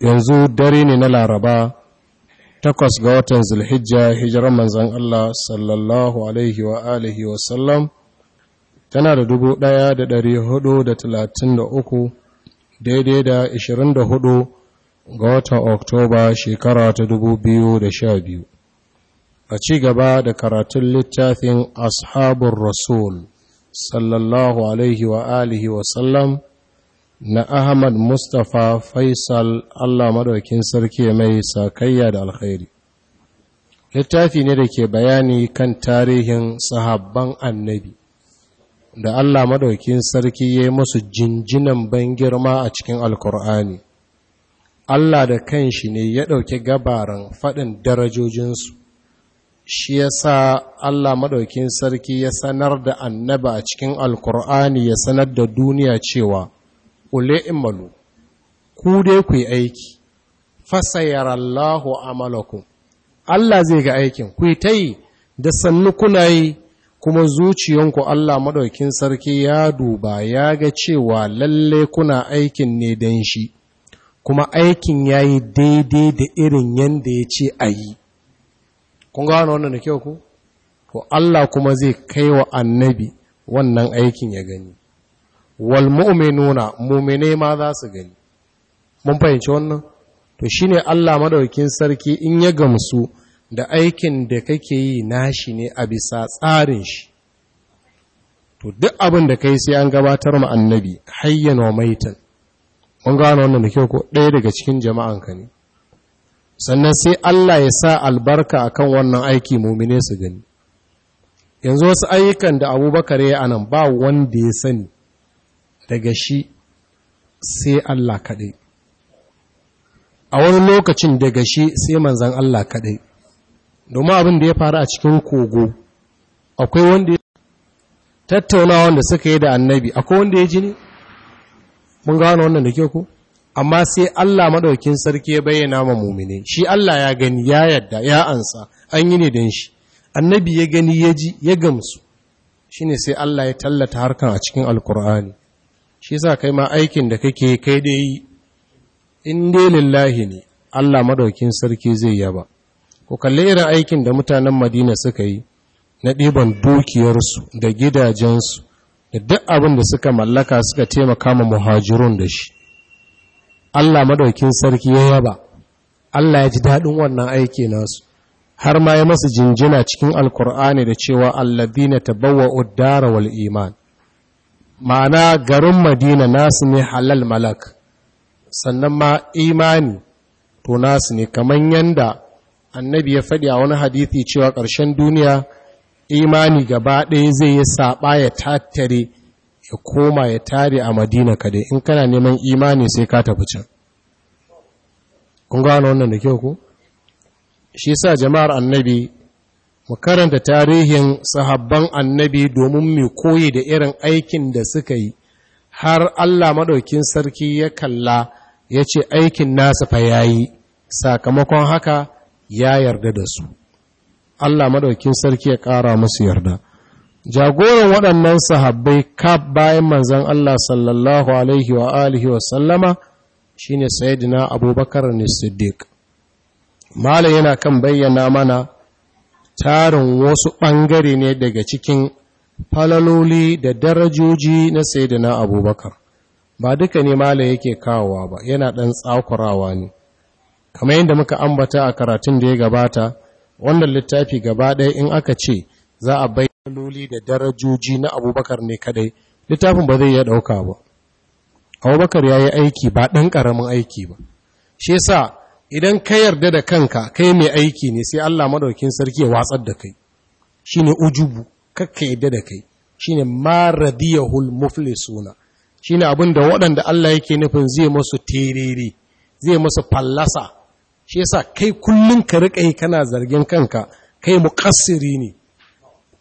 yanzu dare ne na laraba takwas ga watan zulhijja hijirar manzan Allah sallallahu alaihi wa alihi sallam tana da dubu ɗaya da dari hudu da talatin da uku daidai da ishirin da hudu ga watan oktoba shekara ta dubu biyu da sha biyu a ci gaba da karatun littafin ashabun rasul sallallahu alaihi wa alihi sallam na Ahmad Mustapha Faisal Allah Madaukin Sarki mai sakayya da alkhairi. Littafi ne da ke bayani kan tarihin sahabban annabi, da Allah Madaukin Sarki ya yi musu jinjinan ban girma a cikin Alkur'ani. Allah da kanshi ne ya ɗauki gabaran faɗin darajojinsu, shi ya sa Allah Maɗaukin Sarki ya sanar da annaba a cikin Alkur'ani ya sanar da duniya cewa, in malu, ku dai ku yi aiki, fasayarallahu amalakun, Allah zai ga aikin, ku yi ta yi da sannu kuna yi kuma zuciyanku Allah maɗaukin sarki ya duba ya ga cewa lalle kuna aikin ne don shi, kuma aikin ya yi daidai da irin yadda ya ce a yi. Kun gano wannan da kyau ku? Ko Allah kuma zai kai wa annabi wannan aikin ya gani. wal mu'minuna mu'mine ma za su gani mun fahimci wannan to shine Allah madaukakin sarki in ya gamsu da aikin da kake yi nashi ne a bisa tsarin shi to duk abin da kai sai an gabatar ma annabi hayyana wa maitan mun gano wannan da kyau ko ɗaya daga cikin jama'an ka ne sannan sai Allah ya sa albarka akan wannan aiki mu'mine su gani yanzu wasu ayyukan da Abubakar ya anan ba wanda ya sani daga shi sai Allah kaɗai a wani lokacin daga shi sai manzan Allah kaɗai domin abin da ya faru a cikin kogo akwai wanda ya tattaunawa wanda suka yi da annabi akwai wanda ya ji ne mun gano wannan da ke ku amma sai Allah maɗaukin sarki ya bayyana ma mumine shi Allah ya gani ya yadda ya ansa an yi ne don shi annabi ya gani ya ji ya gamsu Shi ne sai Allah ya tallata harkar a cikin alkur'ani shi sa kai ma aikin da kake kai dai in dai lillahi ne Allah madaukin sarki zai yaba ku kalle irin aikin da mutanen Madina suka yi na ɗiban dukiyarsu da gidajensu da duk abin da suka mallaka suka taimaka ma muhajirun da shi Allah madaukin sarki ya yaba Allah ya ji daɗin wannan aiki nasu har ma ya masu jinjina cikin alkur'ani da cewa alladhina tabawwa'u ad-dara wal iman ma'ana garin madina nasu ne halal malak sannan ma imani to nasu ne kamar yanda annabi ya faɗi a wani hadithi cewa ƙarshen duniya imani gaba ɗaya zai yi saɓa ya tattare ya koma ya tare a madina kadai in kana neman imani sai ka tafi can kun gano wannan da kyau ko shi sa jama'ar annabi mu karanta tarihin sahabban annabi domin mu koyi da irin aikin da suka yi har Allah maɗaukin sarki ya kalla ya ce aikin nasu fa yayi sakamakon haka ya yarda da su Allah maɗaukin sarki ya ƙara musu yarda jagoran waɗannan sahabbai kaf bayan manzon Allah sallallahu alaihi wa alihi wa sallama shine sayyidina Abubakar ne Siddiq Malam yana kan bayyana mana tarin wasu ɓangare ne daga cikin falaloli da darajoji na na abubakar ba duka ne mala yake kawowa ba yana ɗan tsakurawa ne kamar yadda muka ambata a karatun da ya gabata wannan littafi gaba ɗaya in aka ce za a bai falaloli da darajoji na abubakar ne kadai littafin ba zai iya ɗauka ba abubakar ya yi aiki ba ɗan ƙaramin aiki ba shi yasa idan ka yarda da kanka kai mai aiki ne sai Allah madaukin sarki ya watsar da kai shine ujubu kakka yarda da kai shine ma radiyahul muflisuna shine abin da waɗanda Allah yake nufin zai masu terere zai masu fallasa shi yasa kai kullum ka rika yi kana zargin kanka kai muqassiri ne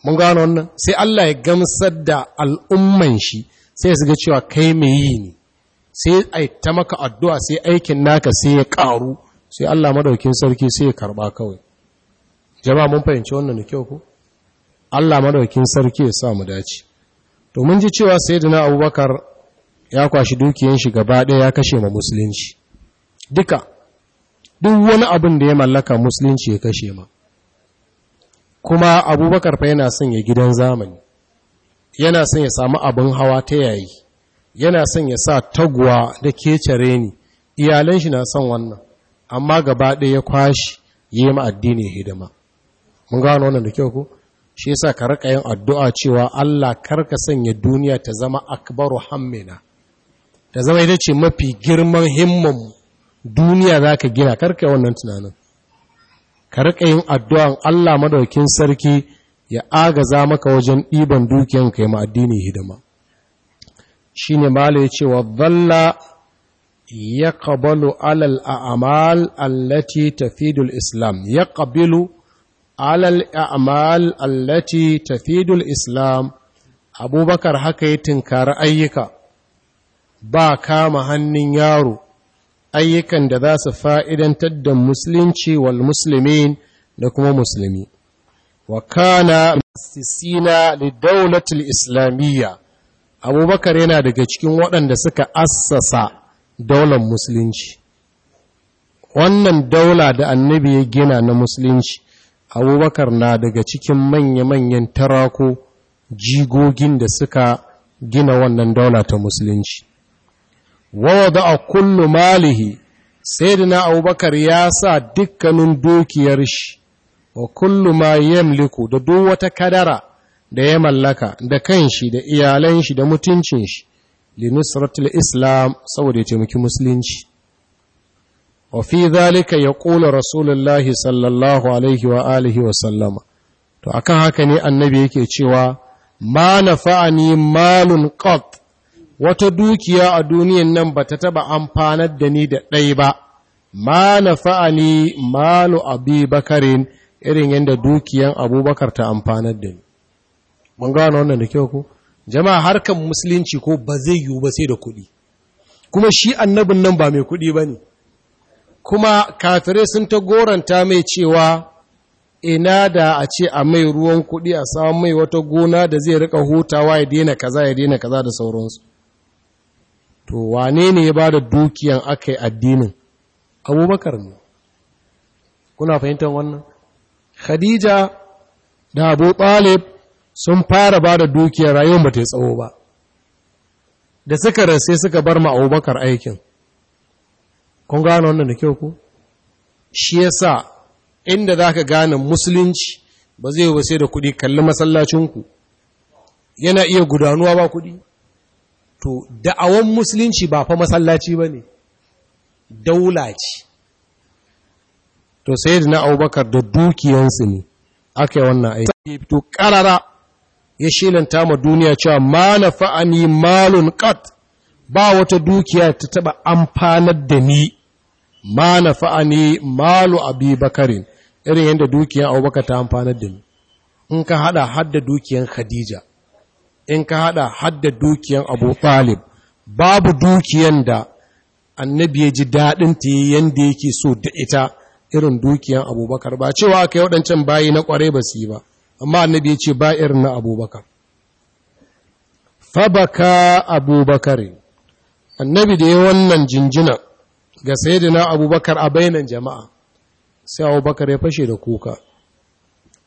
mun gano wannan sai Allah ya gamsar da al'umman shi sai su ga cewa kai mai yi ne sai ai ta maka addu'a sai aikin naka sai ya ƙaru sai Allah madaukin sarki sai ya karba kawai jama'a mun fahimci wannan da kyau ko Allah madaukin sarki ya sa mu dace to mun ji cewa sayyidina Abubakar ya kwashi dukiyar shi gaba ɗaya ya kashe ma musulunci duka duk wani abin da ya mallaka musulunci ya kashe ma kuma Abubakar fa yana son ya gidan zamani yana son ya samu abin hawa ta yayi yana son ya sa taguwa da kece ni iyalan shi na son wannan amma gaba ɗaya ya kwashi yi ma addini hidima mun gano wannan da kyau ku shi yasa ka rika yin addu'a cewa Allah karka sanya duniya ta zama akbaru hammina ta zama ita ce mafi girman himman duniya za ka gina karka wannan tunanin ka rika yin addu'an Allah madaukin sarki ya agaza maka wajen ɗiban dukiyanka ya ma addini hidima shine mala ya ce wa يقبل على الأعمال التي تفيد الإسلام يقبل على الأعمال التي تفيد الإسلام أبو بكر حكى تنكار أيك با كام هنن يارو أيكا دذاس فائدا تد مسلمشي والمسلمين لكم مسلمين وكان مؤسسين للدولة الإسلامية أبو بكر هنا دقى cikin waɗanda suka assasa daular musulunci wannan daula da annabi ya gina na musulunci abubakar na daga cikin manya-manyan tarako jigogin da suka gina wannan daula ta musulunci wawada a kullum malihi sai da na abubakar ya sa dukkanin dukiyar shi wa kullum ma yamliku da duk wata kadara da ya mallaka da kanshi da iyalan shi da mutuncin shi linusratul islam saboda ya taimaki musulunci wa fi zalika ya ƙula rasulullahi sallallahu alaihi wa alihi wa sallama to akan haka ne annabi yake cewa ma nafa'ani malun qat wata dukiya a duniyan nan ba ta taba amfanar da ni da ɗai ba ma nafa'ani malu abi irin yadda dukiyan abubakar ta amfanar da ni mun gano wannan da kyau ko. jama'a harkan musulunci ko ba zai yiwu ba sai da kuɗi kuma shi annabin nan ba mai kuɗi ba ne kuma katare sun ta goranta mai cewa ina da a ce a mai ruwan kuɗi a samun mai wata gona da zai rika hutawa ya daina kaza ya daina kaza da sauransu to wane ne ya ba da dukiyan aka yi addinin abubakar ne kuna fahimtar wannan khadija da abu talib sun fara ba da dukiyar rayuwar ba ta yi tsawo ba da suka rase suka bar ma abubakar aikin kun gane wannan da kyau ku shi yasa inda za ka gane musulunci ba zai ba da kuɗi kalli masallacinku yana iya gudanuwa ba kuɗi to da'awan musulunci ba fa masallaci ba ne daula ce to sai da na abubakar da dukiyansu ne aka yi wannan aiki fito ƙarara ya shilanta ma duniya cewa ma fa’ani malun ƙat ba wata dukiya ta taba amfanar da ni ma nafa'ani malu abi bakarin irin yadda dukiyan abubakar ta amfanar da ni in ka hada hadda dukiyan khadija in ka hada hadda dukiyan abu talib babu dukiyan da annabi ya ji daɗin ta yi yadda yake so da ita irin dukiyan abubakar ba cewa aka yi waɗancan bayi na ƙware ba su yi ba amma annabi ya ce ba irin na abubakar fabaka abubakar annabi da ya wannan jinjina ga na abubakar a bainan jama'a sai abubakar ya fashe da kuka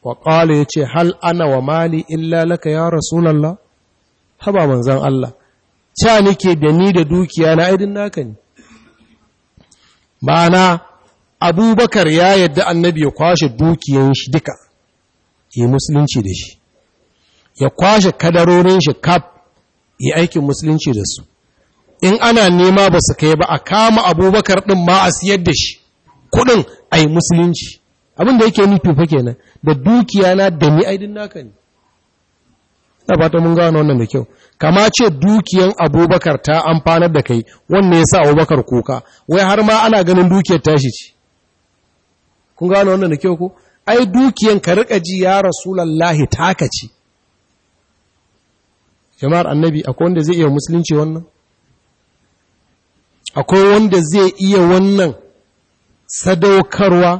wa ya ce hal ana wa mali illa laka ya rasulallah haba manzon Allah ca nike da ni da dukiya na aidin naka ne ma'ana abubakar ya yadda annabi ya kwashe dukiyan shi duka yi musulunci da shi ya kwashe kadarorin shi kaf yi aikin musulunci da su in ana nema ba su kai ba a kama abubakar ɗin ma a siyar da shi kuɗin a yi musulunci abin da yake nufi fa kenan da dukiya na da ni aidin naka ne na fata mun gano wannan da kyau kama ce dukiyan abubakar ta amfanar da kai wannan ya sa abubakar kuka wai har ma ana ganin dukiyar tashi ce kun gano wannan da kyau ko ai dukiyan ka rika ji ya rasulullahi taka ce jama'ar annabi akwai wanda zai iya musulunci wannan akwai wanda zai iya wannan sadaukarwa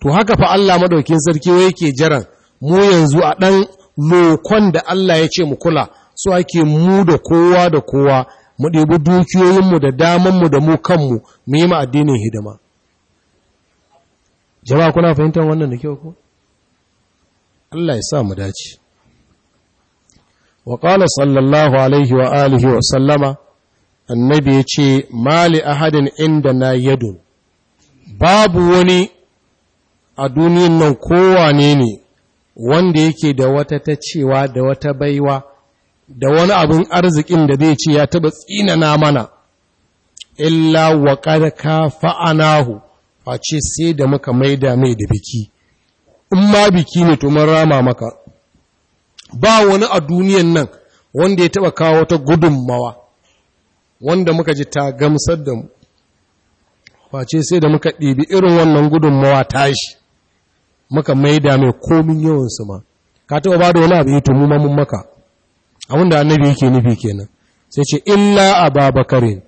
to haka fa Allah madaukin sarki yake jiran mu yanzu a ɗan lokon da Allah ya ce mu kula so ake mu da kowa da kowa mu ɗebi dukiyoyinmu da damanmu da mu kanmu mu yi ma addinin hidima jama'a kuna fahimtar wannan da kyau ko Allah ya sa mu dace wa qala sallallahu alaihi wa alihi wa sallama annabi ya ce mali ahadin inda na yadu, babu wani a duniyar nan kowa ne wanda yake da wata ta cewa da wata baiwa da wani abin arzikin da zai ce ya taba tsinana mana illa wa qad fa'anahu. face sai da muka maida mai da biki in ma biki ne to mun rama maka ba wani a duniyan nan wanda ya taba kawo wata gudunmawa wanda muka ji ta gamsar da mu face sai da muka ɗibi irin wannan gudunmawa tashi muka maida mai komin yawansu ma ka taɓa ba da wani abu yi eh tumu mamun maka da annabi yake nufi kenan sai ce illa a babakarin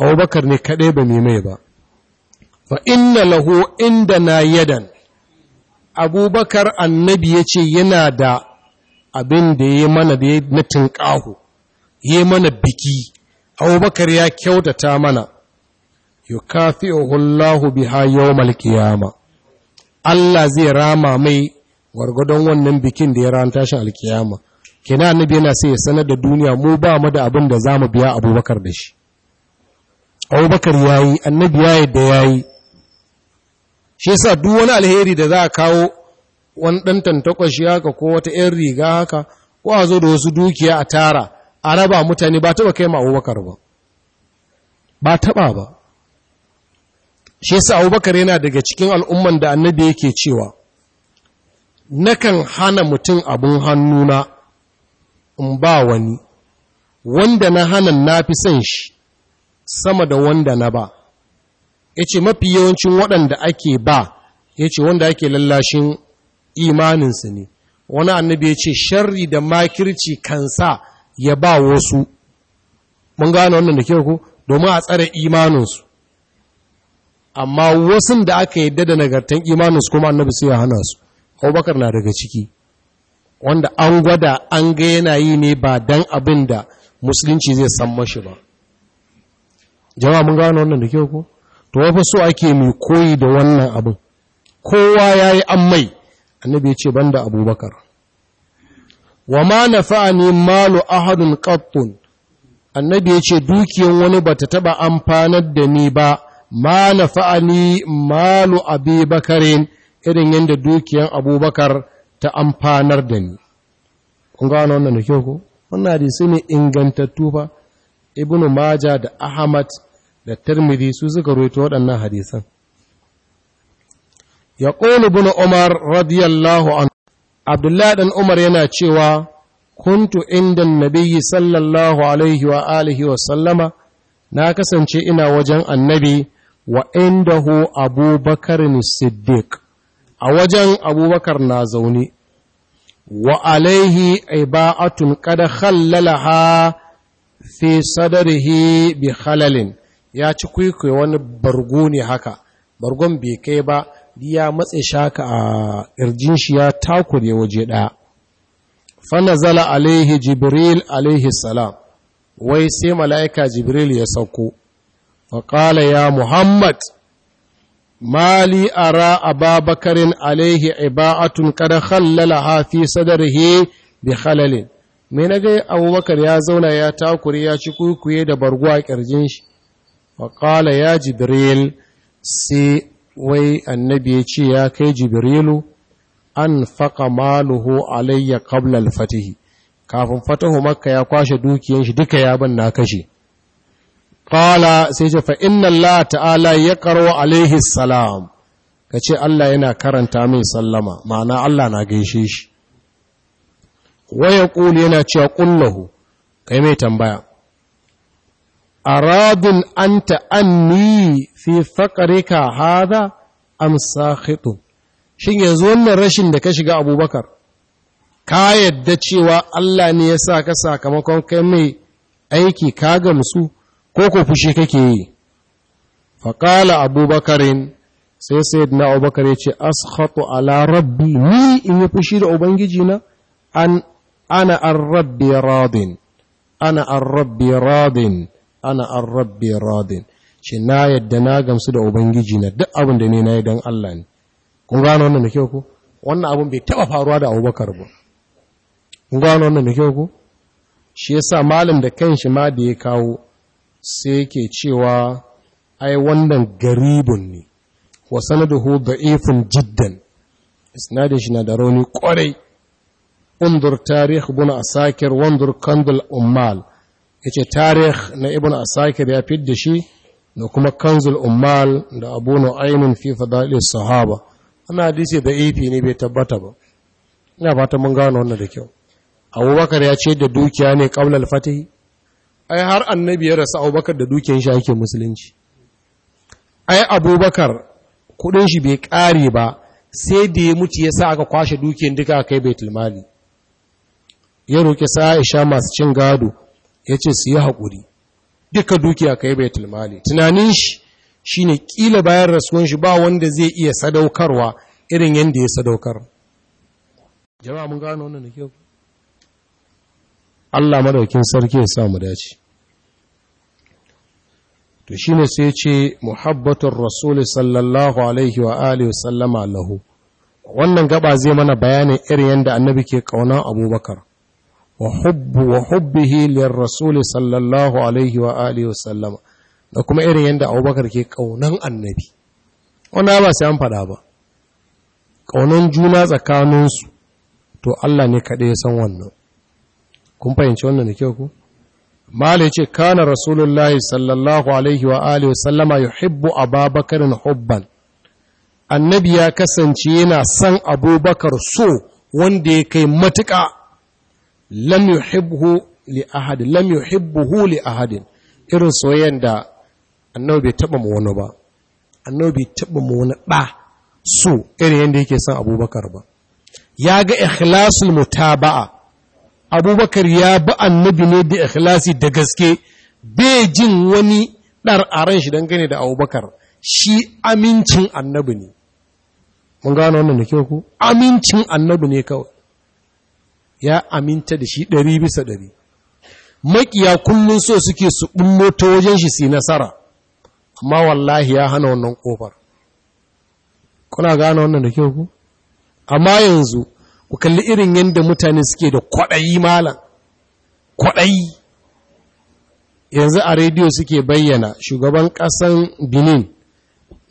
abubakar ne kaɗai ba mai mai ba fa inna lahu inda na yadan abubakar annabi ya ce yana da abin da ya mana da ya na tunƙahu ya mana biki abubakar ya kyautata mana yukafi'uhu Allahu biha yau malkiyama, Allah zai rama mai gwargwadon wannan bikin da ya ran tashin alkiyama kina annabi yana sai ya sanar da duniya mu ba mu da abin da za mu biya abubakar da shi abubakar yi, annabi ya yi da yayi shi sa duk wani alheri da za a kawo wani ɗan tantakwashi haka ko wata ‘yan riga haka ko a zo da wasu dukiya a tara a raba mutane ba taba kai ma abubakar ba ba taba ba shi sa abubakar yana daga cikin al'umman da annabi yake cewa nakan hana mutum abin hannuna in ba wani wanda na hana na fi son shi sama da wanda na ba ya ce mafi yawancin waɗanda ake ba ya ce wanda ake lallashin imaninsu ne wani annabi ya ce sharri da makirci kansa ya ba wasu mun gane wannan da kyau ku domin a tsare imaninsu amma wasu da aka yadda da nagartan imaninsu kuma annabi sai ya hana su abubakar na daga ciki wanda an gwada an ga yana yi ne ba dan abin da musulunci zai san mashi ba jama'a mun gane wannan da kyau ku to wafi so ake mai koyi da wannan abin kowa ya yi mai annabi ya ce da abubakar wa ma ne malu ahadun qattun annabi ya ce dukiyan wani ba ta taɓa amfanar da ni ba ma ne malu abubakarin irin yadda dukiyan abubakar ta amfanar da ni kun gano wannan da kyau ko wannan su ne ingantattu fa ibnu maja da ahmad da Tirmidhi su suka rawaito waɗannan hadisan ya ƙoli bin Umar radiyallahu anhu. Abdullahi Dan Umar yana cewa kuntu inda nabiyyi sallallahu alaihi wa alihi wa sallama na kasance ina wajen annabi wa indahu abubakar siddiq a wajen abubakar na zaune wa alaihi iba'atun kada khallalaha fi sadarihi bi khalalin ya ci kwaikwayo wani bargo ne haka bargon bai kai ba ya matse shaka a ƙirjin shi ya takure waje ɗaya fanazala alaihi jibril alaihi salam wai sai mala'ika jibril ya sauko faƙala ya muhammad mali ara ababakarin alaihi iba'atun kada khallala hafi sadarhe bi halalin mai na gai abubakar ya zauna ya takure ya ci kwaikwaye da bargo a ƙirjin shi waƙala ya jibril sai wai annabi ya ce ya kai jibrilu an faƙa maluhu alayya qabla al-fatihi kafin fatahu maka ya kwashe dukiyan duka ya ban na kashe qala sai ce fa inna allah ta'ala yaqra alayhi salam kace allah yana karanta min sallama ma'ana allah na gaishe shi wa yaqulu yana cewa qullahu kai mai tambaya aradun an ta'anni fi faƙarika haza amsa hitu shin yanzu wannan rashin da ka shiga abubakar ka yadda cewa Allah ne ya sa ka sakamakon kai mai aiki ka gamsu ko ko fushi kake yi faƙala abubakarin sai sai na abubakar ya ce ashatu ala rabbi ni in yi fushi da ubangiji na ana an rabbi radin ana an rabbi radin ana an rabbi radin ce na yadda na gamsu da ubangiji na duk abin da ne na yi don Allah ne kun gano wannan da kyau ku wannan abin bai taba faruwa da abubakar ba kun gano wannan da kyau ku shi yasa malam da kanshi ma da ya kawo sai yake cewa ai wannan garibun ne wa sanaduhu da'ifun jiddan isnadin shi na da rauni kwarai undur tarih buna asakir wandur kandul ummal ya ce tarih na ibn asakir ya fidda shi da kuma kanzul ummal da abu nu'aymin fi fadalis sahaba ana hadisi da ifi ne bai tabbata ba ina fata mun gano wannan da kyau abubakar ya ce da dukiya ne qabla al-fatih ai har annabi ya rasu abubakar da dukiyar shi ake musulunci ai abubakar kudin shi bai kare ba sai da ya mutu ya sa aka kwashe dukiyar duka kai baitul mali ya roki saisha masu cin gado ya ce su yi haƙuri duka dukiya ka yi baitul mali tunanin shi shi ne ƙila bayan rasuwan shi ba wanda zai iya sadaukarwa irin yadda ya sadaukar jama'a mun gano wannan da kyau Allah madaukin sarki ya sa mu dace to shine sai ce muhabbatur rasul sallallahu alaihi wa alihi sallama lahu wannan gaba zai mana bayanin irin yadda annabi ke kauna abubakar wa hubbu wa hubbihi lir rasul sallallahu alaihi wa da kuma irin yadda Abubakar ke kaunan annabi wanda ba sai an fada ba kaunan juna tsakaninsu to Allah ne kaɗai ya san wannan kun fahimci wannan da kyau ku malai ce kana rasulullahi sallallahu alaihi wa alihi sallama yuhibbu ababakarin hubban annabi ya kasance yana son abubakar so wanda ya kai matuƙa lam yuhibbu li ahad lam yuhibbu li ahad irin soyayyen da annabi bai taba mu wani ba annabi bai taba mu wani ba so irin yanda yake son abubakar ba ya ga ikhlasul mutaba'a abubakar ya bi annabi ne da ikhlasi da gaske bai jin wani dar a ran shi dangane da abubakar shi amincin annabi ne mun gano wannan da kyau ku amincin annabi ne kawai ya aminta da shi ɗari bisa ɗari maƙiya kullum so suke su ɓullo ta wajen shi su nasara amma wallahi ya hana wannan ƙofar kuna gane wannan da kyau ku amma yanzu ku kalli irin yadda mutane suke da kwaɗayi malam kwaɗayi yanzu a rediyo suke bayyana shugaban ƙasan benin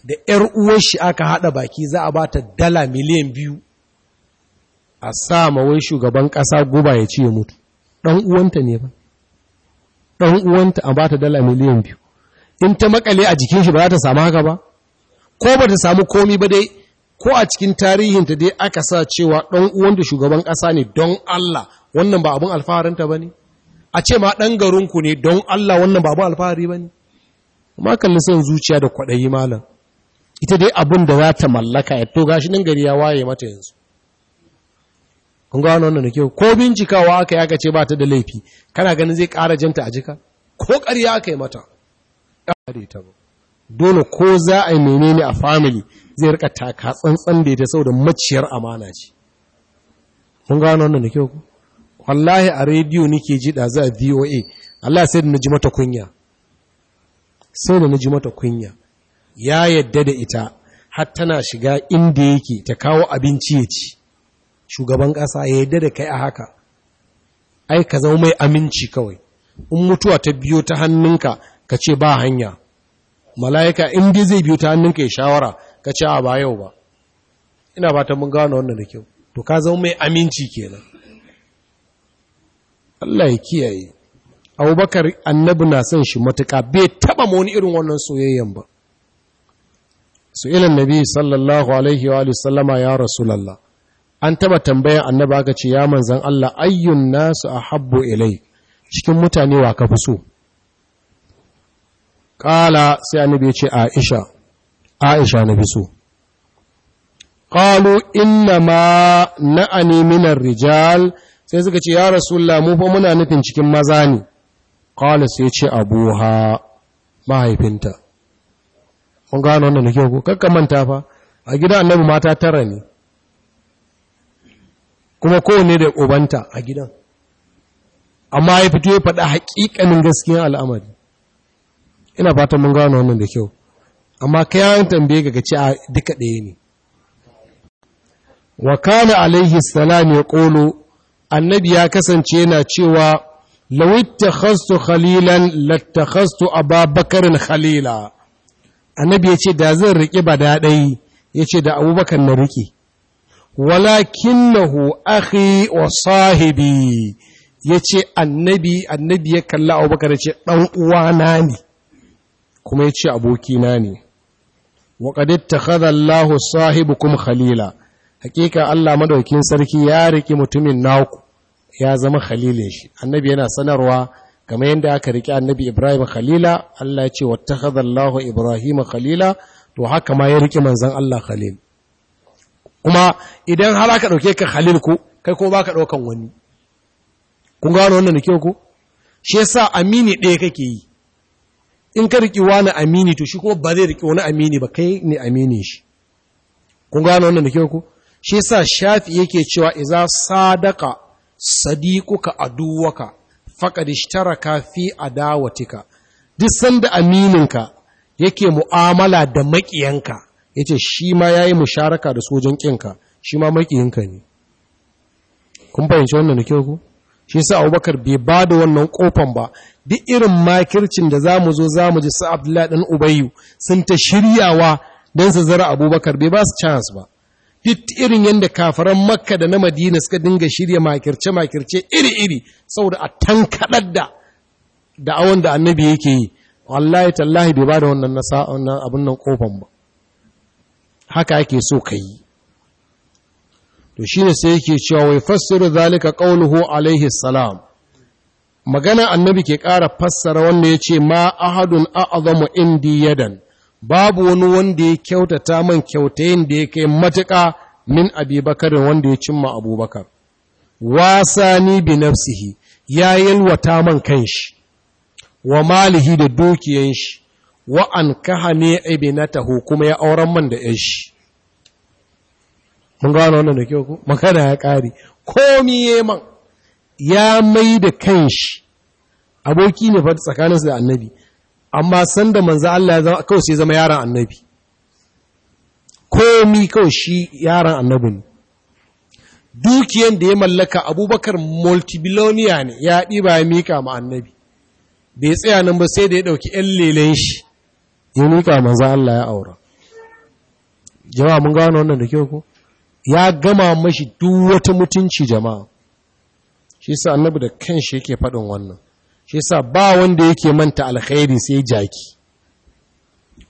da 'yar uwar shi aka haɗa baki za a ba ta dala miliyan biyu a sa mawai shugaban ƙasa guba ya ce mutu ɗan uwanta ne ba ɗan uwanta a bata dala miliyan biyu in ta makale a jikin shi ba za ta samu haka ba ko ba ta samu komi ba dai ko a cikin tarihinta dai aka sa cewa ɗan uwanta shugaban ƙasa ne don Allah wannan ba abin alfaharinta ba ne a ce ma ɗan garinku ne don Allah wannan ba abin alfahari ba ne ma kalli son zuciya da kwaɗayi malam ita dai abin da za ta mallaka ya to gashi nan gari ya waye mata yanzu kun ga wannan da kyau ko bincikawa aka yi aka ce ba ta da laifi kana ganin zai ƙara janta a jika ko ƙarya aka yi mata dole ko za a yi menene a family zai rika taka tsantsan da ita saboda maciyar amana ce mun ga wannan da kyau wallahi a rediyo nake ji da za a VOA Allah sai da na mata kunya sai da naji mata kunya ya yadda da ita har tana shiga inda yake ta kawo abinci ya ci shugaban ƙasa ya yarda da kai a haka ai ka zama mai aminci kawai in mutuwa ta biyo ta hannunka ka ce ba hanya mala'ika in dai zai biyo ta hannunka ya shawara ka ce a ba yau ba ina ba ta mun gano wannan da kyau to ka zama mai aminci kenan Allah ya kiyaye abubakar annabi na son shi matuka bai taba wani irin wannan soyayyen ba su ilan nabi sallallahu alaihi wa sallama ya rasulallah an taba tambayan annabi aka ce ya manzan Allah ayyun nasu habbo ilai cikin mutane wa ka fi so Ƙala sai annabi ya ce Aisha, Aisha na fi so. Ƙalu inna ma na'ani minar rijal sai suka ce, Ya Rasulullah mu fa muna nufin cikin maza ne, ƙala sai ce abuha mahaifinta. Mun gano wannan nake ko, kakka manta fa, a gida annabi mata tara ne, kuma kowane da ubanta a gidan amma ya fito ya faɗa haƙiƙanin gaskiyar al'amari ina fatan mun gano wannan da kyau amma kai yawon tambaye ga gaci a duka ɗaya ne wa kana alaihi salam ya ƙolo annabi ya kasance yana cewa lawitta khastu khalilan latta khastu ababakarin khalila annabi ya ce da zan riƙe ba daɗai ya ce da abubakar na riƙe walakinahu akhi wa sahibi yace annabi annabi ya kalla Abubakar yace dan uwana ne kuma yace aboki na ne wa qad ittakhadha Allahu sahibukum khalila hakika Allah madaukin sarki ya riki mutumin naku ya zama khalilin shi annabi yana sanarwa kamar yadda aka riki annabi Ibrahim khalila Allah ya ce wattakhadha Allahu Ibrahim khalila to haka ma ya riki manzon Allah khalil kuma idan har aka ɗauke ka halil ko kai kuma baka ɗaukan wani kun gano wannan da kyau ku? shi yasa amini ɗaya kake yi in ka riƙi wani amini to shi kuma ba zai riƙi wani amini ba kai ne amini shi kun gano wannan da kyau ku? shi yasa shafi yake cewa iza sadaka sadiquka aduwaka faqad ishtaraka fi adawatika duk sanda amininka yake mu'amala da maƙiyanka ya ce shi ma ya yi musharaka da sojan ƙinka shi ma maƙiyinka ne kun fahimci wannan da kyau ku shi sa abubakar bai ba da wannan ƙofan ba duk irin makircin da za mu zo za mu ji su abdullahi ɗan ubayu sun ta shiryawa don su zara abubakar bai ba su chance ba duk irin yadda kafaran makka da na madina suka dinga shirya makirce-makirce iri-iri saboda a tankaɗar da da'awon da annabi yake yi wallahi tallahi bai ba da wannan abin nan kofan ba haka ake so ka yi to shi ne sai yake cewa wai fassara zalika qauluhu alaihi salam magana annabi ke ƙara fassara wanda ya ce ma ahadun a'azamu indi yadan babu wani wanda ya kyautata man kyautayin da ya kai matuƙa min da wanda ya cimma abubakar wasani bi nafsihi ya yalwata man kanshi wa malihi da dukiyan shi Wa'ankaha ne kaha ne ibnatahu kuma ya auren man da shi. mun gano wannan da kyau ko makana ya kare komi man ya mai da kanshi aboki ne fa tsakaninsu da annabi amma sanda manzo Allah ya zama kawai sai zama yaron annabi komi kawai shi yaran annabi ne dukiyan da ya mallaka abubakar multibillionaire ne ya ɗiba ya mika ma annabi bai tsaya nan ba sai da ya ɗauki ‘yan lelen shi ya miƙa manzan Allah ya aura jama'a mun gano wannan da kyau ko ya gama mashi duk wata mutunci jama'a shi yasa annabi da kanshi yake faɗin wannan shi yasa ba wanda yake manta alkhairi sai jaki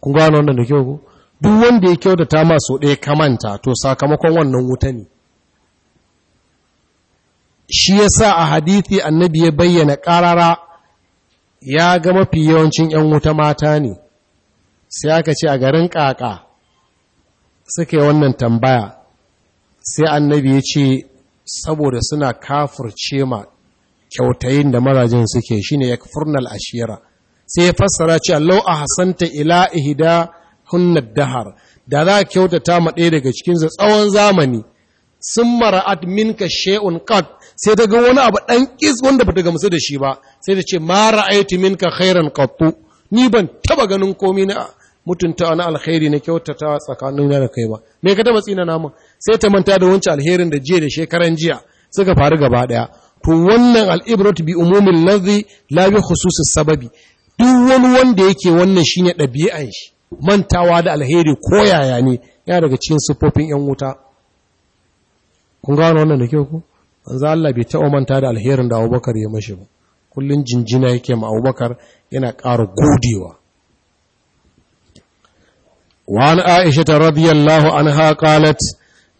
kun gano wannan da kyau ko duk wanda ya kyautata ma so ɗaya kamanta to sakamakon wannan wuta ne shi yasa a hadithi annabi ya bayyana ƙarara ya ga mafi yawancin 'yan wuta mata ne sai aka ce a garin Kaka suke wannan tambaya sai annabi ya ce saboda suna kafurce ma kyautayin da marajin suke shine ya furnal ashira sai ya fassara ce allau a hasanta ila ihida hunnar dahar da za a kyautata ma ɗaya daga cikinsa tsawon zamani sun mara min ka she'un qat sai ta ga wani abu ɗan ƙis wanda ta gamsu da shi ba sai ta ce mara ma min ka khairan kattu ni ban taba ganin komai na mutunta na alheri na kyautata tsakanin da kai ba me ka taba tsina namun sai ta manta da wancan alherin da jiya da shekaran jiya suka faru gaba daya to wannan al'ibrat bi umumin ladhi la bi khususis sababi duk wani wanda yake wannan shine ɗabi'an shi mantawa da alheri ko yaya ne ya daga cikin siffofin yan wuta kun gano wannan da kyau ku manzo Allah bai taɓa manta da alherin da Abubakar ya mashi ba kullun jinjina yake ma Abubakar yana ƙara godewa وعن عائشة رضي الله عنها قالت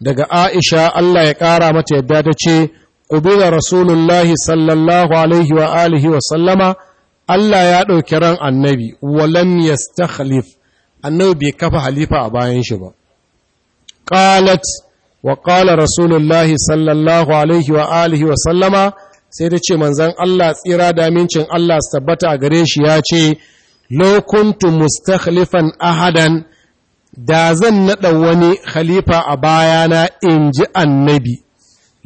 daga Aisha Allah ya ƙara mata yadda ta ce, Ƙubila Rasulullahi sallallahu Alaihi wa wa sallama, Allah ya ɗauki ran annabi, walam yastakhlif annabi bai kafa halifa a bayan shi ba. Ƙalat wa ƙala Rasulullahi sallallahu Alaihi wa wa sallama, sai ta ce manzan Allah tsira da amincin Allah su tabbata a gare shi ya ce, Lokuntu mustakhlifan ahadan da zan naɗa wani khalifa a bayana in ji annabi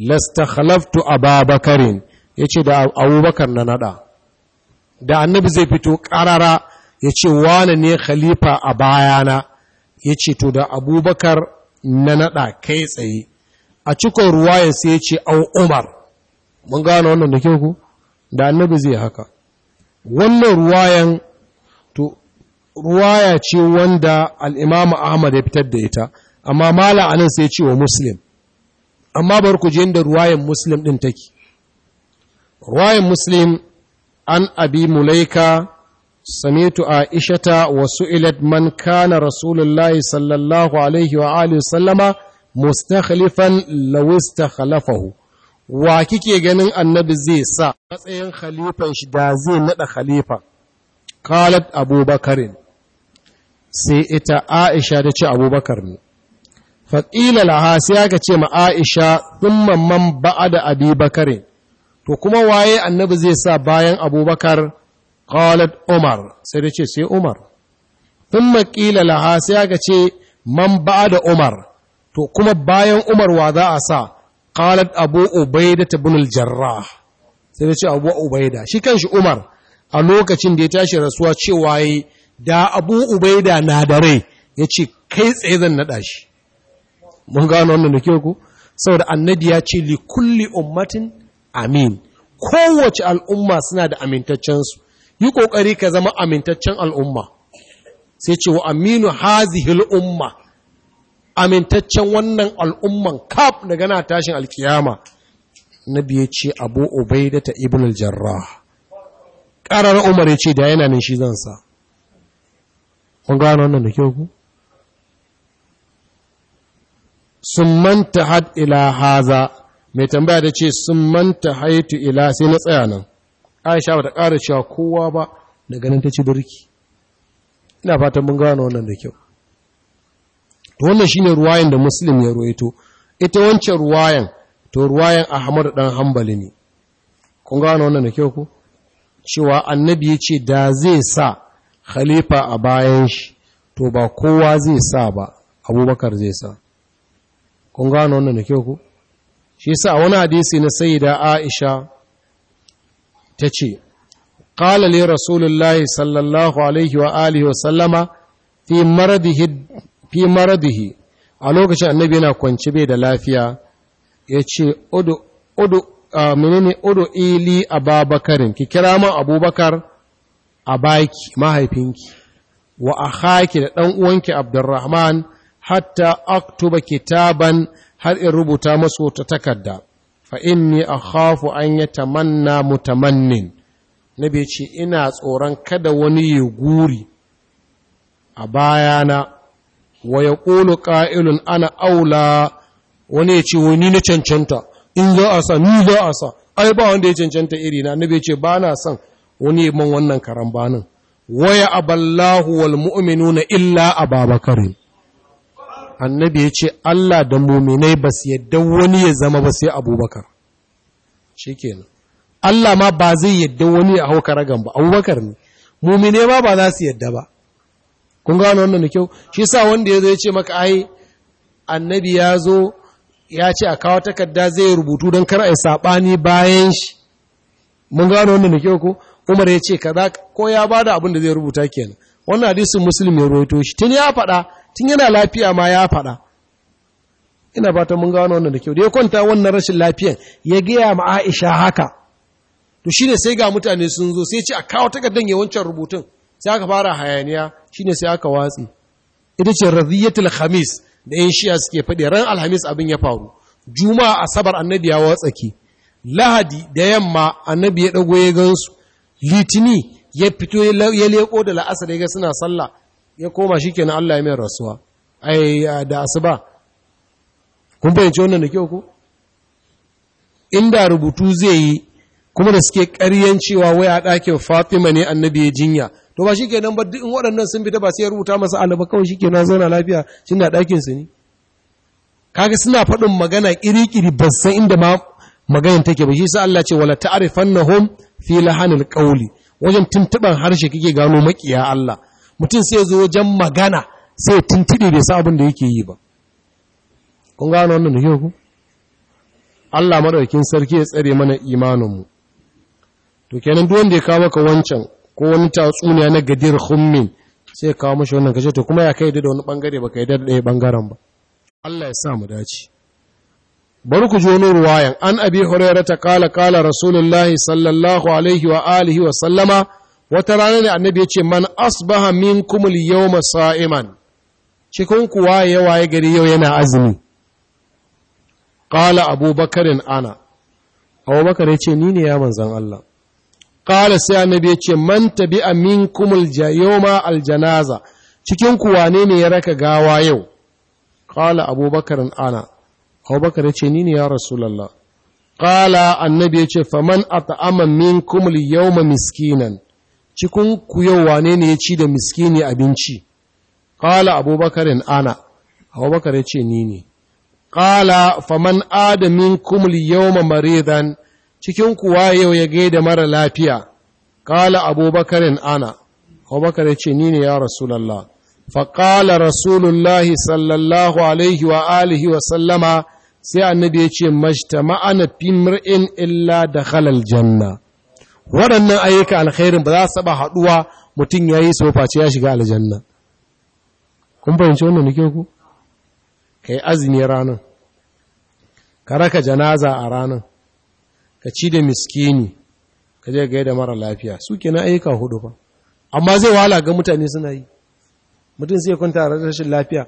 lastakhlaftu Babakarin, ya ce da abubakar na naɗa da annabi zai fito ƙarara ya ce wane ne khalifa a bayana ya ce to da abubakar na naɗa kai tsaye a cikon ruwaya sai ya ce au umar mun gano wannan da ke ku da annabi zai haka wannan ruwayan ruwaya ce wanda Al'imama Ahmad ya fitar da ita, amma mala nan sai ce wa Muslim. Amma bar ku je inda ruwayan Muslim ɗin take. Ruwayan Muslim an abi mulaika samitu aishata Wasu ilad man kana rasulullahi sallallahu alaihi wa Alaihi sallama mustakhlifan lawista khalafahu. Wa kike ganin annabi zai sa matsayin khalifan shi da zai naɗa khalifa. qalat abubakarin sai ita aisha ta ce abubakar ne faƙila laha sai aka ce ma aisha thumma man ba'da abubakarin to kuma waye annabi zai sa bayan abubakar qalat umar sai ta ce sai umar thumma qila laha sai aka ce man ba'da umar to kuma bayan umar wa za a sa qalat abu ubaida ibn al-jarrah sai ta ce abu ubaida shi kanshi umar a lokacin da ya tashi rasuwa cewa yi da abu ubaida na da rai ya ce kai tsaye zan naɗa shi mun gano wannan da ke ku saboda annabi ya ce li kulli ummatin amin kowace al'umma suna da amintaccensu yi ƙoƙari ka zama amintaccen al'umma sai ce wa aminu hazihil umma amintaccen wannan al'umman kaf daga na tashin alkiyama na biye ce abu ubaida ta ibn al-jarrah ƙarar umar ya ce da yana nan shi zan sa kun gano wannan da kyau ku sun manta had ila haza mai tambaya da ce sun manta haitu ila sai na tsaya nan aisha ba ta ƙara cewa kowa ba da ganin ta ci birki ina fatan mun gano wannan da kyau to wannan shine ruwayan da muslim ya ruwaito ita wancan ruwayan to ruwayan ahmad dan hanbali ne kun gano wannan da kyau ku? cewa annabi ya ce da zai sa khalifa a bayan shi to ba kowa zai sa ba abubakar zai sa kun gano wannan da kyau ku shi sa wani hadisi na sayyida aisha ta ce qala li rasulullahi sallallahu alaihi wa alihi wa sallama fi maradihi fi a lokacin annabi yana kwance bai da lafiya ya ce udu Ah, menene udu ili ababakarin ki kira min abubakar a baki mahaifinki wa a haki da ɗan uwanki abdurrahman hatta aktuba kitaban har in rubuta masu ta takarda fa inni hafu an yi tamanna mutamannin bai ce ina tsoron kada wani ya guri a bayana wa ya yaqulu ka'ilun ana aula wani ya ce wani na cancanta in za a sa ni za a sa ai ba wanda ya cancanta iri na nabi ce ba na son wani man wannan karambanin waya aballahu wal mu'minuna illa ababakar annabi ya ce Allah da muminai ba su yadda wani ya zama ba sai abubakar shikenan Allah ma ba zai yadda wani ya hau karagan ba abubakar ne muminai ma ba za su yadda ba kun gano wannan da kyau shi sa wanda ya zai ce maka ai annabi ya zo ya ce a kawo takarda zai rubutu don kar a yi saɓani bayan shi mun gano wanda da ke ko umar ya ce kaza ko ya ba da abin da zai rubuta kenan wannan hadisin muslim ya rawaito shi tun ya faɗa tun yana lafiya ma ya faɗa ina fata mun gano wannan da kyau da ya kwanta wannan rashin lafiyan ya gaya ma Aisha haka to shine sai ga mutane sun zo sai ce a kawo takardan ya wancan rubutun sai aka fara hayaniya shine sai aka watsi ita ce radiyatul khamis da in shiya suke faɗi ran alhamis abin ya faru juma'a asabar annabi ya watsake lahadi da yamma annabi ya ɗago ya gansu litini ya fito ya leko da la'asar ya ga suna sallah ya koma shikenan Allah ya mai rasuwa ai da asuba kun fahimci wannan da kyau ko inda rubutu zai yi kuma da suke ƙaryan cewa waya ɗakin Fatima ne annabi ya jinya to ba shi nan ba duk waɗannan sun fita ba sai ya rubuta masa alaba kawai shikenan zauna lafiya shi na ɗakin su ne kaga suna faɗin magana ƙirikiri ba san inda ma maganin take ba shi sa Allah ce wala hom fi lahanil qawli wajen tuntuban harshe kake gano makiya Allah mutum sai zo wajen magana sai tuntube bai sa abin da yake yi ba kun gano wannan da ku Allah madaukakin sarki ya tsare mana imanin mu to kenan duk wanda ya kawo ka wancan ko wani tatsuniya na gadir hummin sai kawo mashi wannan kashe to kuma ya kai da wani bangare ba kai da ɗaya bangaren ba Allah ya sa mu dace bari ku jono ruwayan an abi hurairah ta kala kala rasulullahi sallallahu alaihi wa alihi wa sallama wata rana ne annabi ya ce man asbaha minkum al-yawma sa'iman cikin ku waye waye gari yau yana azumi qala abubakarin ana abubakar ya ce ni ne ya manzan Allah ƙala sai annabi ya ce man tabi amin kumul yawma aljanaza cikin ku wane ne ya raka gawa yau ƙala abubakar ana abubakar ya ce ni ne ya rasulallah ƙala annabi ya ce faman at'ama minkum al-yawma miskinan cikin ku yau wane ne ya ci da miskini abinci ƙala abubakar ana abubakar ya ce ni ne ƙala faman Adamin kumul al-yawma maridan cikin kuwa yau ya gaida mara lafiya kala abubakarin ana abubakar ya ce ni ya rasulallah faƙala rasulullahi sallallahu alaihi wa alihi wa sallama sai annabi ya ce ma'ana fi mirin illa da halal janna waɗannan ayyuka alkhairin ba za su ba haɗuwa mutum ya yi sofaci ya shiga aljanna kun fahimci wannan nake ku ka yi azumi ranar ka raka janaza a ranar ka ci da miskini ka je gaida mara lafiya su na ayyuka hudu ba amma zai wahala ga mutane suna yi mutum sai kwanta da rashin lafiya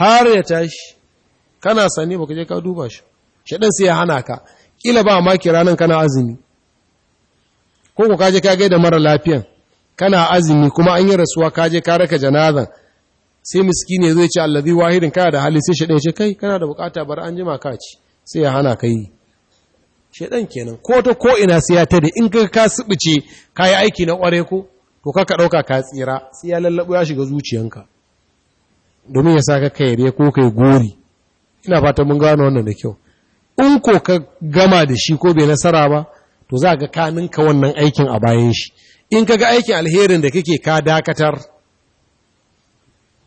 har ya tashi kana sani ka je ka duba shi shaɗan sai ya hana ka ƙila ba ma kira nan kana azumi ko ku kaje ka gaida mara lafiyan kana azumi kuma an yi rasuwa kaje ka raka janazan sai miskini zai ce allazi wahidin kana da hali sai shaɗan ya ce kai kana da bukata bar an jima ka ci sai ya hana ka yi shaidan kenan ko ta ko ina sai ya tare in ka ka subuce kai aiki na kware ko to ka dauka ka tsira sai ya lallabo ya shiga zuciyanka domin ya saka kai re ko kai gori ina fata mun gano wannan da kyau in ko ka gama da shi ko bai nasara ba to za ka ka ninka wannan aikin a bayan shi in ka ga aikin alherin da kake ka dakatar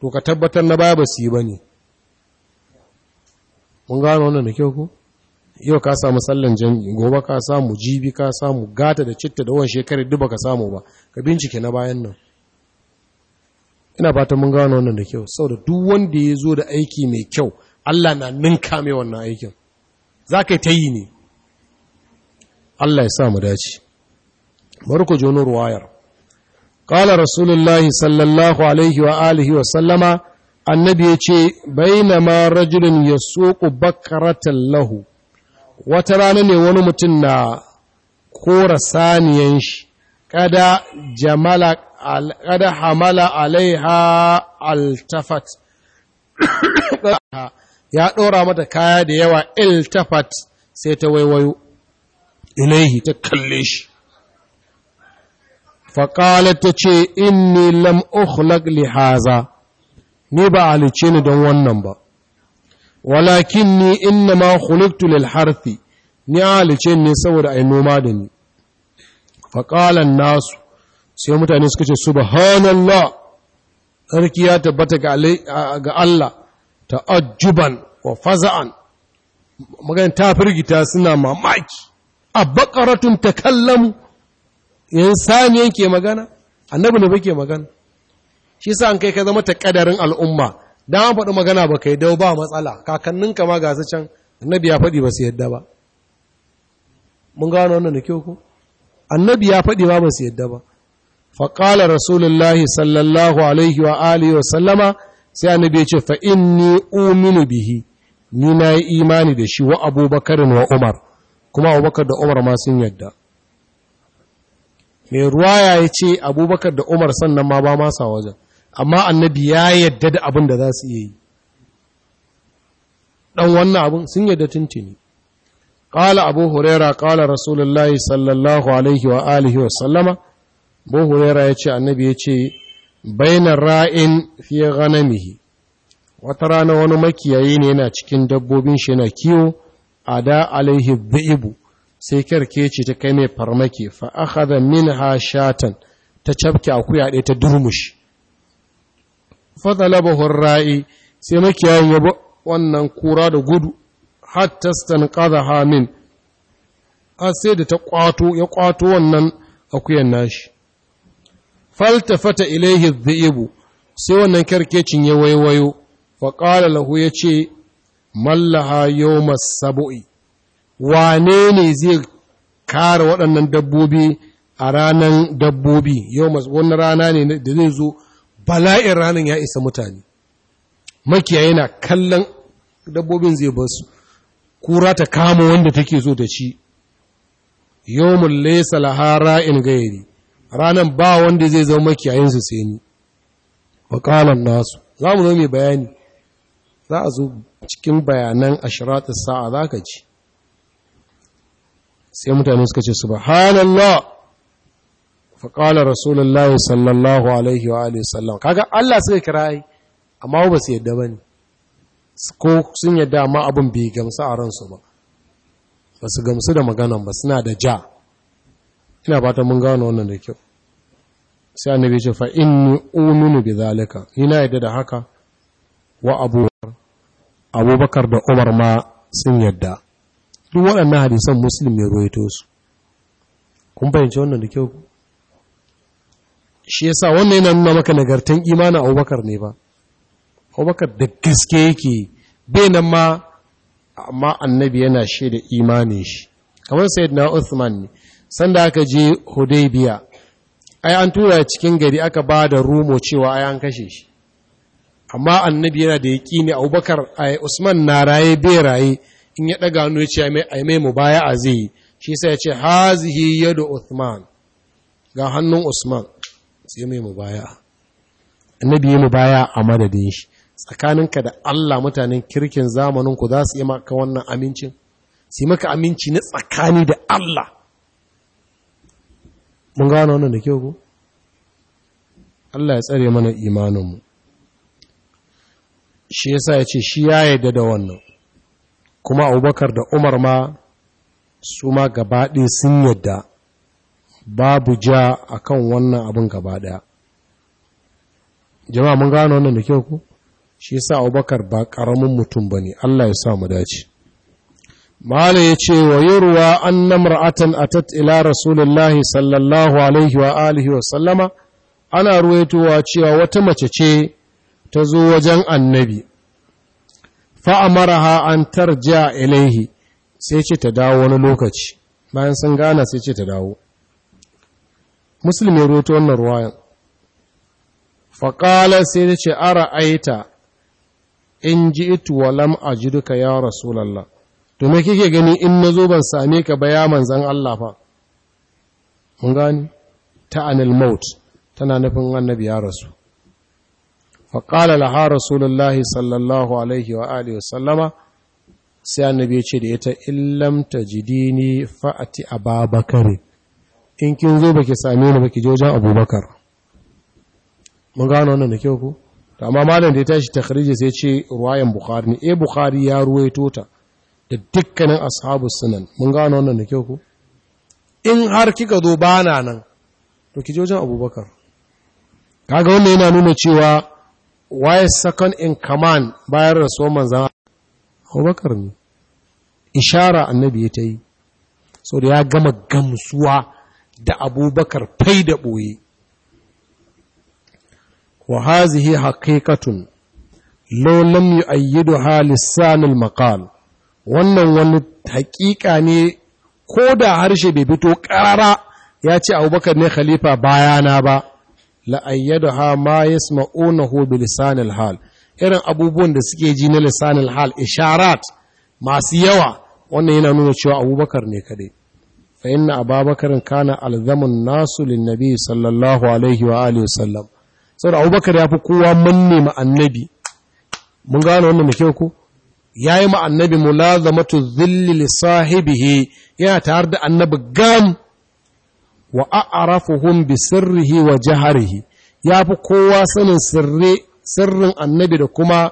to ka tabbatar na baya ba su yi ba mun gano wannan da kyau ko yau ka samu sallan jami'i gobe ka samu jibi ka samu gata da citta da wani shekarar duba ka samu ba ka bincike na bayan nan ina fatan mun gano wannan da kyau saboda duk wanda ya zo da aiki mai kyau Allah na ninka mai wannan aikin za ka yi ta yi ne Allah ya sa dace bari jono ruwayar qala rasulullahi sallallahu alaihi wa alihi wa sallama annabi yace ma rajulun yasuqu bakaratan lahu wata rana ne wani mutum na kora saniyan shi kada hamala alaiha altafat ya ɗora mata kaya da yawa iltafat sai ta waiwayo ilaihi ta kalle shi faƙalar ta ce inni lam ukhlaq li ni ba halice ni don wannan ba walakin ni inna ma khuliqtu lil harfi ni halice ne saboda ai noma da ni Faƙalan nasu sai mutane suka ce subhanallah sarki ya tabbata ga Allah ta'ajjuban wa faza'an magana ta firgita suna mamaki a bakaratun takallamu yan sami yake magana annabi ne bake magana shi sa an kai ka zama ta al'umma da an faɗi magana ba kai dau ba matsala kakanninka ma ga su can annabi ya faɗi ba su yadda ba mun gano wannan da kyau ko annabi ya faɗi ba ba su yadda ba faƙalar rasulullahi sallallahu alaihi wa alihi wa sallama sai annabi ya ce fa inni uminu bihi ni na yi imani da shi wa abubakar wa umar kuma abubakar da umar ma sun yadda mai ruwaya ya ce abubakar da umar sannan ma ba masa wajen amma annabi ya yadda da abin da za su yi ɗan wannan abin sun yadda tuntuni ƙala abu huraira ƙala rasulullahi sallallahu alaihi wa alihi wa sallama bu huraira ya ce annabi ya ce bainar ra'in fiye ganamihi wata rana wani makiyayi ne yana cikin dabbobin shi na kiwo a da alaihi bu'ibu sai ce ta kai mai farmaki fa min ha shatan ta cafke akuya ɗaya ta durmushi fatalabahu ra'i sai makiyayin ya wannan kura da gudu hatta stanqadha hamin har sai da ta ƙwato ya ƙwato wannan akuyan nashi faltafata ilaihi dhi'bu sai wannan karkecin ya waiwayo fa qala lahu yace mallaha yawmas sab'i wane ne zai kare waɗannan dabbobi a ranan dabbobi yawmas wannan rana ne da zai zo bala'in ranar ya isa mutane makiyaye na kallon dabbobin zai basu kura ta kama wanda take so da ci yau laysa lahara in gairi Ranar ba wanda zai zama makiyayin su sai ni bakalan nasu za mu zo mai bayani za a zo cikin bayanan ashratus sa'a za ka ci sai mutane suka ce subhanallah faƙala rasulullahi sallallahu alaihi wa alaihi sallam kaga Allah suka kira ai amma ba su yadda ba ne ko sun yadda amma abun bai gamsu a ransu ba ba su gamsu da maganan ba suna da ja ina fatan mun gano wannan da kyau sai annabi ce fa inni uminu bi zalika ina yadda da haka wa abubakar abubakar da umar ma sun yadda duk waɗannan hadisan muslim ya ruwaito su kun fahimci wannan da kyau shi yasa wannan yana nuna maka nagartan imanin abubakar ne ba abubakar da gaske yake bai nan ma amma annabi yana da imanin shi kamar na Usman, ne sanda aka je Hudaybiya ai an tura cikin gari aka ba da rumo cewa ai an kashe shi amma annabi yana da yaki ne Abubakar ai Usman na raye bai raye in ya daga hannu ya ce ai mai a zai shi sai ya ce hazihi yadu Uthman ga hannun Usman sai mai mubaya annabi ya mubaya a madadin shi tsakaninka da Allah mutanen kirkin zamanin ku za su yi maka wannan amincin su yi maka aminci na tsakani da Allah mun gano wannan da kyau ku Allah ya tsare mana imaninmu shi yasa ya ce shi ya yarda da wannan kuma abubakar da umar ma su ma gaba ɗaya sun yarda babu ja a kan wannan abin gaba daya jama'a mun gano wannan da kyau ku shi sa Abubakar ba karamin mutum ba ne. Allah ya sa mu dace ya ce wa an na mar'atan atat ila rasulillahi sallallahu alaihi wa alihi wa sallama ana ruwaitowa cewa wata mace ce ta zo wajen annabi fa'amaraha an tarja ilaihi sai ce ta dawo wani lokaci bayan sun gana sai ce ta dawo muslim ya roto wannan ruwayan faƙala sai ya ce ara aita in ji itu walam a ji duka ya rasulallah to me kike gani in na zo ban same ka ba ya manzan Allah fa mun gani ta anil maut tana nufin annabi ya rasu faƙala laha Rasulallah sallallahu alaihi wa alihi wasallama sai annabi ya ce da ita illam jidini fa'ati babakare. in kin zo baki same ni baki je wajen abubakar mun gano wannan da kyau ku to amma malam da ya tashi takhrije sai ce ruwayan bukhari ne eh bukhari ya ruwaito ta da dukkanin ashabu sunan mun gano wannan da kyau ku in har kika zo bana nan to ki je wajen abubakar kaga wannan yana nuna cewa waye second in command bayan rasuwar manzan abubakar ne ishara annabi ya ta yi so da ya gama gamsuwa da abubakar fai da ɓoye wa hazihi haƙiƙatun laulam yi ayyidu halisanul maƙal wannan wani haƙiƙa ne ko da harshe bai fito ƙara ya ce abubakar ne khalifa bayana ba la'ayyadu ha ma ya sma'unahu bi hal irin abubuwan da suke ji na lisanin hal isharat masu yawa wannan yana nuna cewa abubakar ne kadai fa inna ababakar kana alzamun nasu sallallahu alaihi wa alihi wasallam saboda abubakar ya fi kowa manne ma mun gano wannan da kyau ko ya yi ma annabi mulazamatu zilli li sahibihi yana tare da annabi gam wa a'rafuhum bi sirrihi wa jaharihi ya fi kowa sanin sirri sirrin annabi da kuma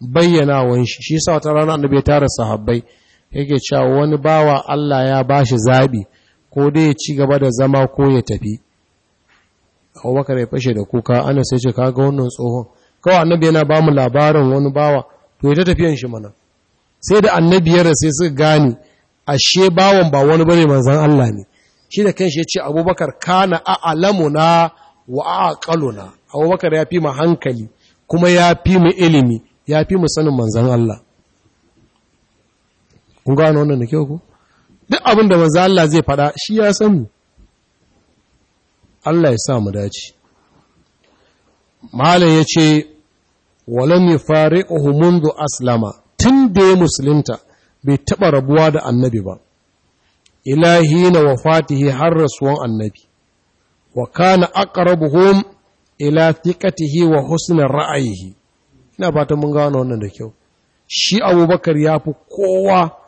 bayyanawan shi shi sa wata rana annabi ya tara sahabbai yake cewa wani bawa Allah ya bashi zaɓi, ko dai ya ci gaba da zama ko ya tafi Abubakar ya fashe da kuka ana sai ce ka ga wannan tsohon kawai annabi yana ba mu labarin wani bawa to ya ta tafiyan shi mana sai da annabi ya rasa suka gane ashe bawan ba wani bane manzon Allah ne shi da kanshi ya ce Abubakar kana a'lamuna wa aqaluna Abubakar ya fi mu hankali kuma ya fi mu ilimi ya fi mu sanin manzon Allah kun gano wannan da kyau ku duk abin da manzo Allah zai faɗa shi ya san mu. Allah ya sa mu dace malam yace walam yufariquhu mundu aslama tun da ya musulunta bai taɓa rabuwa da annabi ba ilahi na wafatihi har rasuwan annabi wa kana aqrabuhum ila thiqatihi wa husnin ra'ayihi ina fatan mun gano wannan da kyau shi abubakar ya fi kowa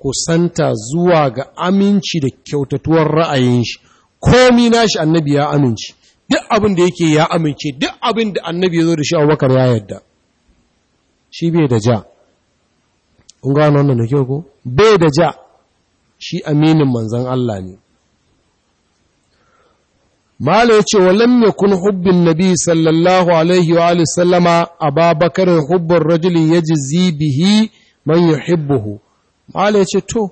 kusanta zuwa ga aminci da kyautatuwar ra'ayin shi komi nashi annabi ya aminci duk abin da yake ya amince duk abin da annabi ya zo da shi wakar ya yarda shi bai da ja kun gano wannan da kyau ko bai da ja shi aminin manzon Allah ne Mala ya ce, Walam ya kun hubbin Nabi sallallahu Alaihi wa sallama a babakar hubbin rajulin ya ji zibihi man yuhibbuhu Malai ce to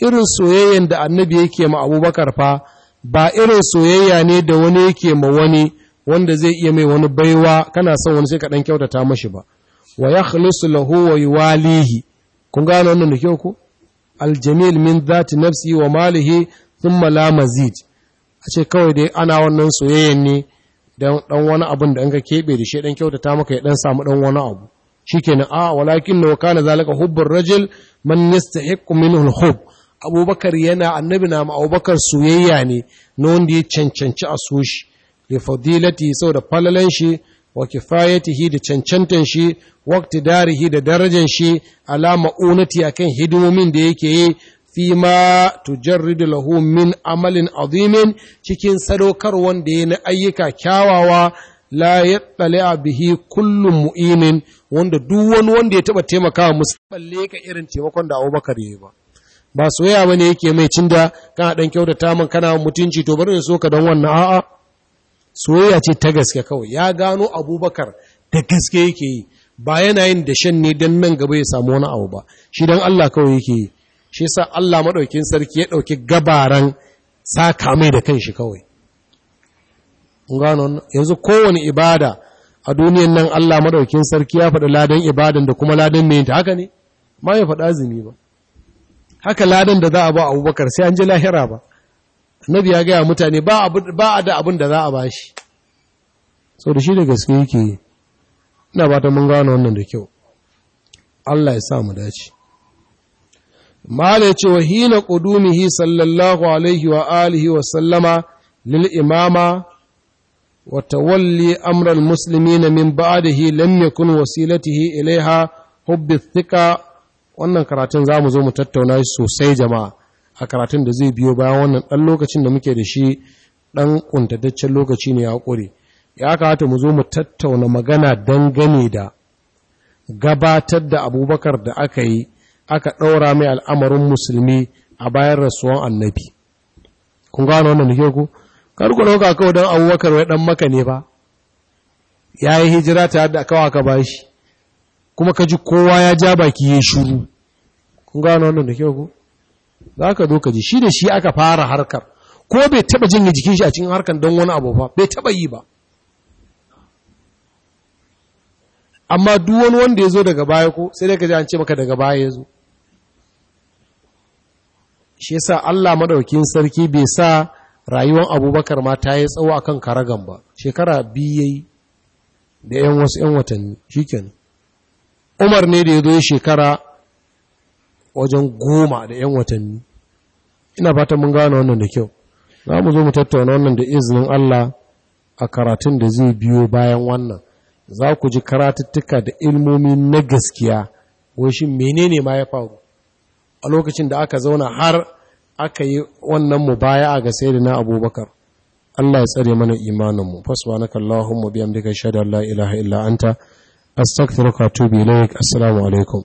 irin soyayyen da annabi yake ma abubakar fa ba irin soyayya ne da wani yake ma wani wanda zai iya mai wani baiwa kana son wani sai ka ɗan kyautata mashi ba wa yakhlisu lahu wa walihi, kun gano wannan da kyau ko aljamil min dhati nafsi wa malihi sun mala mazid a ce kawai dai ana wannan soyayyen ne don wani abun da an ka keɓe da shi ɗan kyautata maka ya dan samu ɗan wani abu shikenan a ah, walakin law kana zalika hubbur rajul man yastahiqqu minhu al hub abubakar yana annabi na ma abubakar soyayya ne na wanda ya cancanci a so shi li fadilati saboda falalan shi wa kifayatihi da cancantan shi waqti darihi da darajan shi ala ma'unati akan hidimomin da yake yi fi ma tujarridu lahu min amalin azimin cikin sadaukar wanda ya na ayyuka kyawawa la a bihi kullum mu'inin wanda duk wani wanda ya taba taimakawa musaballe ka irin taimakon da Abubakar yayi ba ba soyayya bane yake mai cinda kana dan kyautata man kana mutunci to bari in so ka dan wannan a'a soyayya ce ta gaske kawai ya gano Abubakar da gaske yake yi ba yana yin da shan ne dan nan gaba ya samu wani abu ba shi dan Allah kawai yake yi shi yasa Allah madaukin sarki ya ɗauki gabaran saka mai da kanshi kawai gano yanzu kowane ibada a duniyan nan Allah madaukin sarki ya faɗi ladan ibadan da kuma ladan mai ta haka ne ma ya faɗa zini ba haka ladan da za a ba abubakar sai an ji lahira ba annabi ya gaya mutane ba a da abin da za a ba shi sau da shi da gaske yake yi ina ba ta mun gano wannan da kyau Allah ya sa mu dace mala ce wa hina qudumihi sallallahu alaihi wa alihi wa sallama lil imama وتولي أمر المسلمين من بعده لم يكن وسيلته إليها حب الثقة wannan karatun za mu zo mu tattauna sosai jama'a a karatun da zai biyo bayan wannan ɗan lokacin da muke da shi ɗan ƙuntataccen lokaci ne ya ƙure ya kawata mu zo mu tattauna magana dangane da gabatar da abubakar da aka yi aka ɗaura mai al'amarin musulmi a bayan rasuwan annabi kun gano wannan da ku kar ku ɗauka kawai don abubakar wai ɗan maka ne ba ya yi hijira ta da kawa ka ba shi kuma ka ji kowa ya ja baki ya shuru kun gano wannan da kyau ku za ka zo ka ji shi da shi aka fara harkar ko bai taɓa jin jikin shi a cikin harkar don wani abu ba bai taɓa yi ba amma duk wani wanda ya zo daga baya ko sai dai ka ji an ce maka daga baya ya zo shi yasa Allah madaukin sarki bai sa rayuwan abubakar ma ta yi tsawo a kan karagan ba shekara biyayi da 'yan wasu 'yan watanni shi umar ne da ya zo shekara wajen goma da 'yan watanni ina fata mun gane wannan da kyau za mu zo mu tattauna wannan da izinin Allah a karatun da zai biyo bayan wannan za ku ji karatuttuka da ilmomi na gaskiya wai shi menene ma ya faru a lokacin da aka zauna har aka yi wannan mu baya a ga na abubakar Allah ya tsare mana imaninmu fasbanaka allahumma bihamdika shada la ilaha illa anta astaghfiruka wa atubu ilaik assalamu alaikum